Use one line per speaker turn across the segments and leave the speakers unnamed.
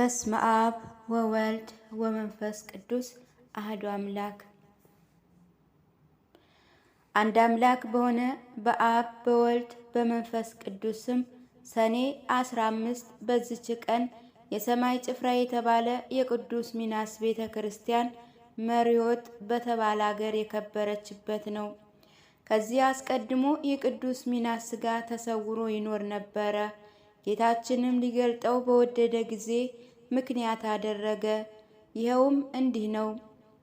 በስመ አብ ወወልድ ወመንፈስ ቅዱስ አህዱ አምላክ። አንድ አምላክ በሆነ በአብ በወልድ በመንፈስ ቅዱስም ሰኔ 15 አምስት ቀን የሰማይ ጭፍራ የተባለ የቅዱስ ሚናስ ቤተ ክርስቲያን መሪዎት በተባለ አገር የከበረችበት ነው። ከዚህ አስቀድሞ የቅዱስ ሚናስ ሥጋ ተሰውሮ ይኖር ነበረ። ጌታችንም ሊገልጠው በወደደ ጊዜ ምክንያት አደረገ። ይኸውም እንዲህ ነው።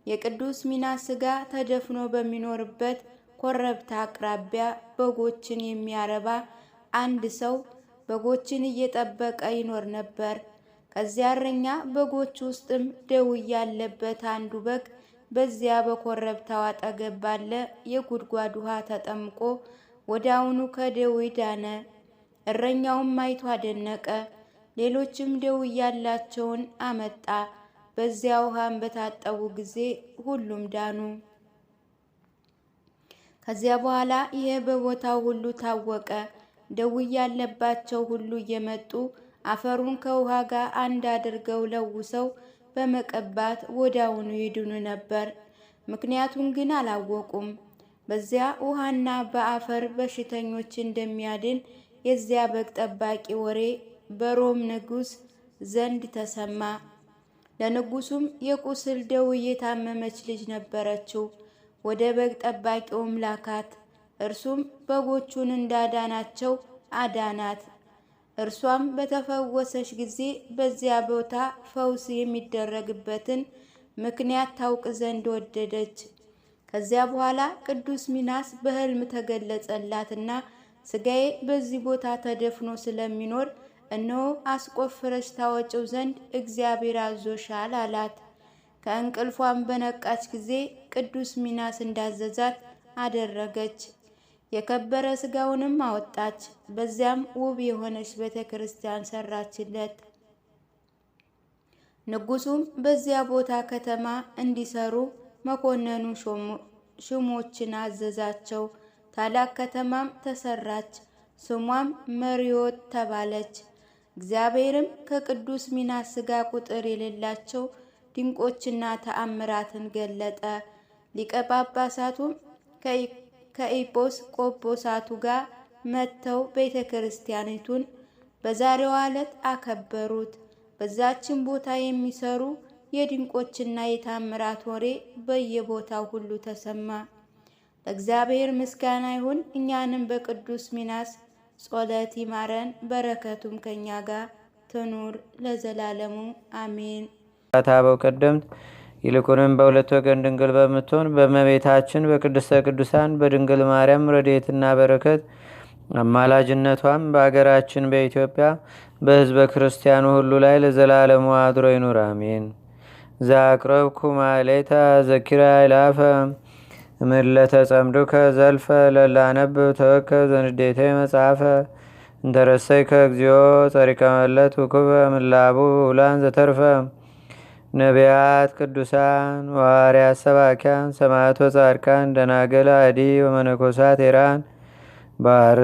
የቅዱስ ሚናስ ሥጋ ተደፍኖ በሚኖርበት ኮረብታ አቅራቢያ በጎችን የሚያረባ አንድ ሰው በጎችን እየጠበቀ ይኖር ነበር። ከዚያ እረኛ በጎች ውስጥም ደዌ ያለበት አንዱ በግ በዚያ በኮረብታው አጠገብ ባለ የጉድጓድ ውሃ ተጠምቆ ወዲያውኑ ከደዌ ዳነ። እረኛውም አይቶ አደነቀ። ሌሎችም ደው አመጣ። በዚያ ውሃን በታጠቡ ጊዜ ሁሉም ዳኑ። ከዚያ በኋላ ይሄ በቦታው ሁሉ ታወቀ። ደው ሁሉ እየመጡ አፈሩን ከውሃ ጋር አንድ አድርገው ለውሰው በመቀባት ወዲያውኑ ይድኑ ነበር። ምክንያቱን ግን አላወቁም። በዚያ ውሃና በአፈር በሽተኞች እንደሚያድን የዚያ በግ ጠባቂ ወሬ በሮም ንጉሥ ዘንድ ተሰማ። ለንጉሱም የቁስል ደዌ የታመመች ልጅ ነበረችው። ወደ በግ ጠባቂውም ላካት። እርሱም በጎቹን እንዳዳናቸው አዳናት። እርሷም በተፈወሰች ጊዜ በዚያ ቦታ ፈውስ የሚደረግበትን ምክንያት ታውቅ ዘንድ ወደደች። ከዚያ በኋላ ቅዱስ ሚናስ በሕልም ተገለጸላትና ስጋዬ በዚህ ቦታ ተደፍኖ ስለሚኖር እነሆ አስቆፍረሽ ታወጪው ዘንድ እግዚአብሔር አዞሻል አላት። ከእንቅልፏን በነቃች ጊዜ ቅዱስ ሚናስ እንዳዘዛት አደረገች። የከበረ ስጋውንም አወጣች። በዚያም ውብ የሆነች ቤተ ክርስቲያን ሰራችለት። ንጉሱም በዚያ ቦታ ከተማ እንዲሰሩ መኮንኑ ሹሞችን አዘዛቸው። ታላቅ ከተማም ተሰራች፣ ስሟም መሪዮት ተባለች። እግዚአብሔርም ከቅዱስ ሚናስ ሥጋ ቁጥር የሌላቸው ድንቆችና ተአምራትን ገለጠ። ሊቀ ጳጳሳቱም ከኢጶስ ቆጶሳቱ ጋር መጥተው ቤተ ክርስቲያኒቱን በዛሬዋ ዕለት አከበሩት። በዛችን ቦታ የሚሰሩ የድንቆችና የታምራት ወሬ በየቦታው ሁሉ ተሰማ። ለእግዚአብሔር ምስጋና ይሁን። እኛንም በቅዱስ ሚናስ ጸሎት ይማረን፣ በረከቱም ከእኛ ጋር ትኑር ለዘላለሙ አሜን። አበው ቀደምት ይልቁንም በሁለት ወገን ድንግል በምትሆን በመቤታችን በቅድስተ ቅዱሳን በድንግል ማርያም ረድኤትና በረከት አማላጅነቷም በአገራችን በኢትዮጵያ በሕዝበ ክርስቲያኑ ሁሉ ላይ ለዘላለሙ አድሮ ይኑር አሜን። ዛቅረብኩ ማሌታ ዘኪራ ምለተ ጸምዱከ ከዘልፈ ለላነብ ተወከ ዘንዴቴ መጽሐፈ እንተረሰይ ከእግዚኦ ጸሪቀ መለት ውክበ ምላቡ ውላን ዘተርፈ ነቢያት ቅዱሳን ዋርያት ሰባኪያን ሰማያት ወጻድቃን ደናገል አዲ ወመነኮሳት ኢራን ባር